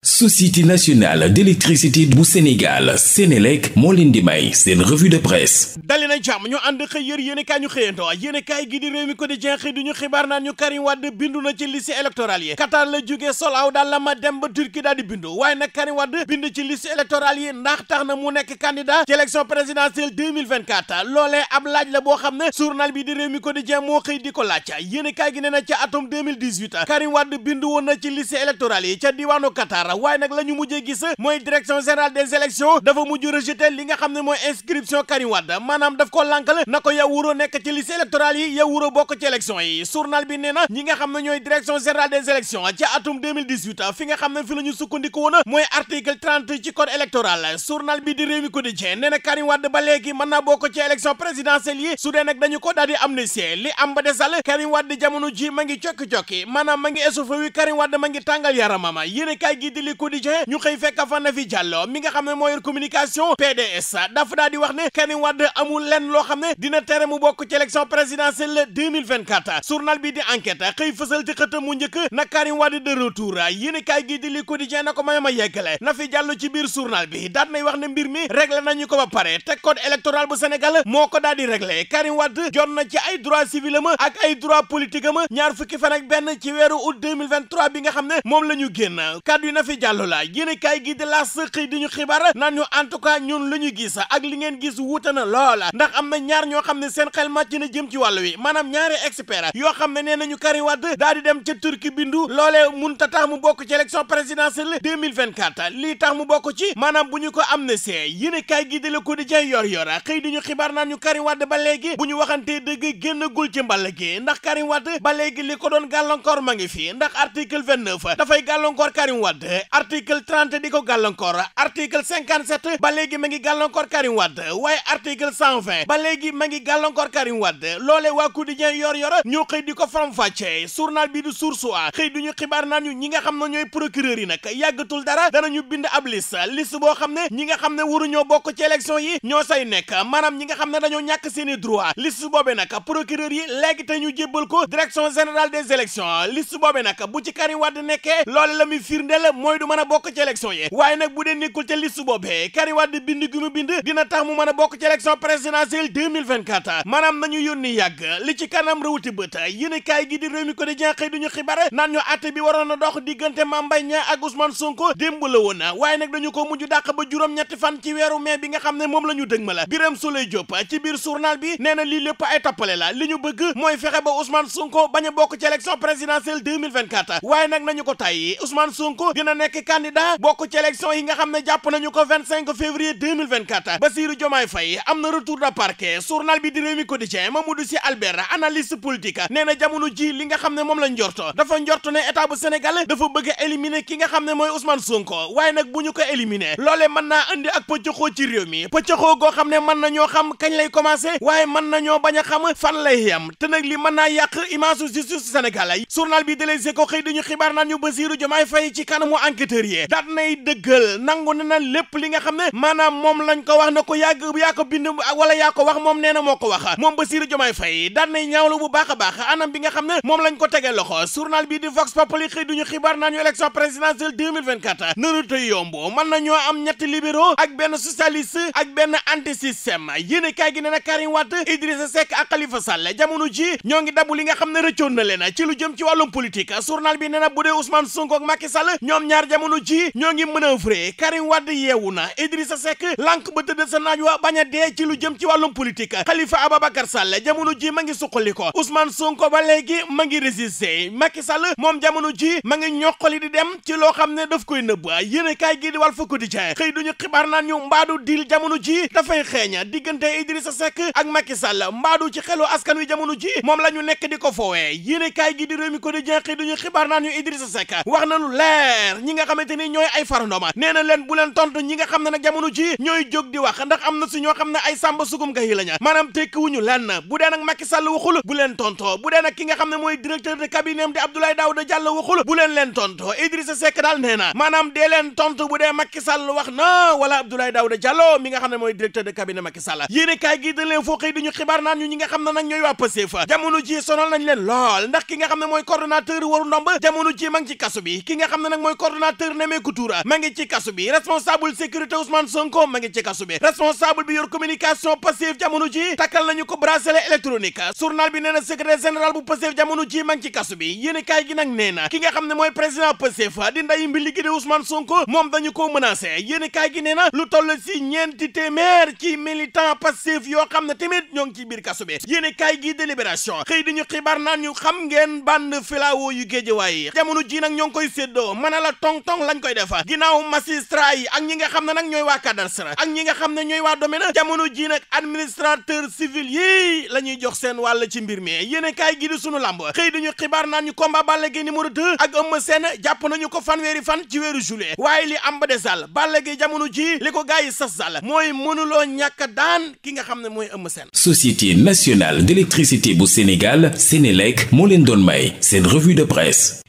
société nationale d'électricité bu Sénégal Sénélec moo leen di may seen revue de presse dali jàmm ñu ànd xëy yër yéenekaay ñu xëyantoo yéenekaay gi di réew mi quotidien xëy du ñu xibaar naan ñu Karim Wade bindu na ci liste électorale yi Qatar la jógee sol aw la ma dem ba Turquie daal di bindu waaye nag Karim Wade bind ci liste électorale yi ndax tax na mu nekk candidat ci élection présidentielle 2024 loolee ab laaj la boo xam ne journal bi di réew mi ko dara waaye nag la ñu mujjee gis mooy direction générale des élections dafa mujj rejeté li nga xam ne mooy inscription Karim Wade maanaam daf ko lànkal na ko yow wuroo nekk ci liste électorale yi yow wuroo bokk ci élection yi journal bi nee na ñi nga xam ne ñooy direction générale des élections ci atum 2018 fi nga xam ne fi la ñu sukkandiku mooy article 30 ci code électoral journal bi di Rewmi Quotidien nee na Karim ba léegi mën naa bokk ci élection ngi a ci li quotidien ñu xëy fekk fa na fi Diallo mi nga xam ne moo yor communication PDS dafa daal wax ne Karim Wade amul lenn loo xam ne dina tere mu bokk ci élection présidentielle 2024 bi di enquête xëy fësal ci xëtam mu njëkk na Karim Wade de retour gi di li na ko may ma yeggale na fi Diallo ci biir journal bi daat nay wax ne mbir mi réglé nañu ko ba pare te code électoral bu Sénégal moo ko daal di Karim Wade jot na ci ay droit Nafi Diallo la yéenekaay gi di L'As xëy di ñu xibaar naan ñu en tout cas ñun lu ñu gis ak li ngeen gis wuute na lool ndax am na ñaar ñoo xam ne seen xel màcc na jëm ci wàll wi maanaam ñaari expert yoo xam ne nee ñu Karim Wade daal dem ca Turquie bindu loolee mun ta tax mu bokk ci élection présidentielle 2024 lii tax mu bokk ci maanaam bu ñu ko amnistie yéenekaay gi di Le Quotidien yor yor xëy di ñu xibaar naan ñu Karim Wade ba léegi bu ñu waxantee dëgg génnagul ci mbàll gi ndax Karim Wade ba léegi li ko doon gàllankoor ma ngi fi ndax dafay gàllankoor Karim Wade article 30 di ko gàllankoor article 57 ba léegi ma ngi gàllankoor Karim Wade waaye article 120 ba léegi ma ngi gàllankoor Karim Wade loolee waa quotidien yor yor ñoo xëy di ko faram-fàccee journal bi du Source A xëy duñu xibaar naan ñi nga xam ne ñooy procureur yi nag yàggatul dara danañu bind ab liste liste boo xam ne ñi nga xam ne waruñoo bokk ci élection yi ñoo say nekk maanaam ñi nga xam ne dañoo ñàkk seeni droit liste boobee nag procureur yi léegi te ñu jébbal ko direction générale des élections liste boobee nag bu ci mooy du mën a bokk ci élection yi waaye nag bu dee nekkul ca liste boobee Karim Wade bind gi mu bind dina tax mu mën a bokk ci élection présidentielle 2024 maanaam nañu yónni yàgg li ci kanam rawuti bët yéene kaay gi di réew mi ko di jenxëy duñu xibaar ñu atte bi waroon a dox diggante Mame Mbaye ak Ousmane Sonko démb la woon waaye nag dañu ko mujj dàq ba juróom-ñetti fan ci weeru mai bi nga xam ne moom la ñu dëg ma la Birame Souleye Diop ci bi nee na lii lépp ay tappale mooy fexe ba Ousmane Sonko a bokk ci élection présidentielle nekk candidat bokk ci élection yi nga xam ne jàpp nañu ko 25 février 2024 Bassirou Diomaye Faye am na retour de parquet journal bi di Rewmi Quotidien Mamadou Sy Albert analyste politique nee na jamono ji li nga xam ne moom la njorto dafa njorto ne état bu Sénégal dafa bëgg a ki nga xam ne mooy Ousmane Sonko waaye nag bu ñu ko éliminer loole mën naa andi ak pëccëxoo ci réew mi pëccëxoo goo xam ne mën ñoo xam kañ lay commencé waaye mën nañoo bañ a xam fan lay yem te nag li mën naa yàq image justice Sénégal journal bi de Les Échos xëy dañu xibaar naan ñu Bassirou Diomaye Faye ci kanamu enquêteurs yi daat nay dëggal nangu ne lépp li nga xam ne maanaam moom lañ ko wax na ko yàgg yaa ko bind wala yaa ko wax moom nee na moo ko wax moom Bassirou Diomaye Faye daat nay ñaawlu bu baax a baax anam bi nga xam ne moom lañ ko tegee loxo journal bi di Vox Populi xëy duñu xibaar naa ñu élection présidentielle 2024 naru tey yomb mën nañoo am ñetti libéraux ak benn socialiste ak benn anti système yéene kaay gi nee na Karim Wade Idrissa Seck ak Khalifa Sall jamono ji ñoo ngi dabu li nga xam ne rëccoon na leen ci lu jëm ci wàllum politique na bu dee ñaar jamono ji ñoo ngi manœuvrer Karim Wade yeewu na Idrissa Seck lànk ba tëdd sa naaj wa bañ a dee ci lu jëm ci wàllum politique Khalifa Ababacar Sall jamono jii ma ngi suqali ko Ousmane Sonko ba léegi ma ngi résister Macky Sall moom jamono jii ma ngi ñoqali di dem ci loo xam ne daf koy nëbb yéen kaay gi di Walf Quotidien xëy duñu xibaar naan ñu mbaadu diil jamono jii dafay xeeña diggante Idrissa Seck ak Macky Sall mbaadu ci xelu askan wi jamono ji moom la ñu nekk di ko foowee yéen gi di Rewmi Quotidien xëy duñu xibaar naan ñu Idrissa Seck wax na lu leer ñaar ñi nga xamante ni ñooy ay farandoma nee na leen bu leen tontu nga xam ne nag jamono ji ñooy jóg am na si ñoo xam ay sàmba sugum ga yi la ña maanaam tekkiwuñu lenn bu dee nag Macky Sall waxul bu leen tontoo nga xam ne mooy directeur de cabinet am di Abdoulaye bu leen leen tontoo Idrissa Seck daal na maanaam dee leen tontu bu dee Macky Sall wax na wala Abdoulaye Daouda Diallo ne mooy directeur de cabinet Macky Sall yéen nga xam ne nag ñooy waa Pastef jamono ji sonal nañ leen lool ndax ki nga xam ne mooy coordonnateur waru ndomb jamono ji ma ngi ci kaso bi ki xam ne nag mooy coordonnateur Nemmeeku Tour ma ngi ci kasu bi responsable sécurité Ousmane Sonko ma ci kasu bi bi yor communication Pastef jamono ji takkal nañu ko bracelet électronique journal bi nee na secrétaire bu Pastef jamono ji ma ci kasu bi yéen gi nag nee ki nga xam ne mooy président Pastef di ndayi mbi liggéey Ousmane Sonko moom dañu ko menacé yéen kaay gi nee lu toll si ñeenti téeméer ci militant Pastef yoo xam ne tamit ñoo ci biir kasu a tong-tong lañ koy defa ginnaaw magistrat yi ak ñi nga xam ne nag ñooy waa cadastre ak ñi nga xam ne ñooy waa domaine jamono ji nag administrateur civil yi la ñuy jox seen wàll ci mbir mi yéene gi di sunu làmb xëy ñu xibaar naan ñu combat Balla Gaye numéro 2 ak Eumeu seen jàpp nañu ko fanweeri fan ci weeru juillet waaye li am ba des daal Balla Gaye jamono ji li ko gars yi sas daal mooy mënuloo ñàkk daan ki nga xam ne mooy Eumeu Sène Société nationale d'électricité bu Sénégal Sénélec moo leen doon may seen revue de presse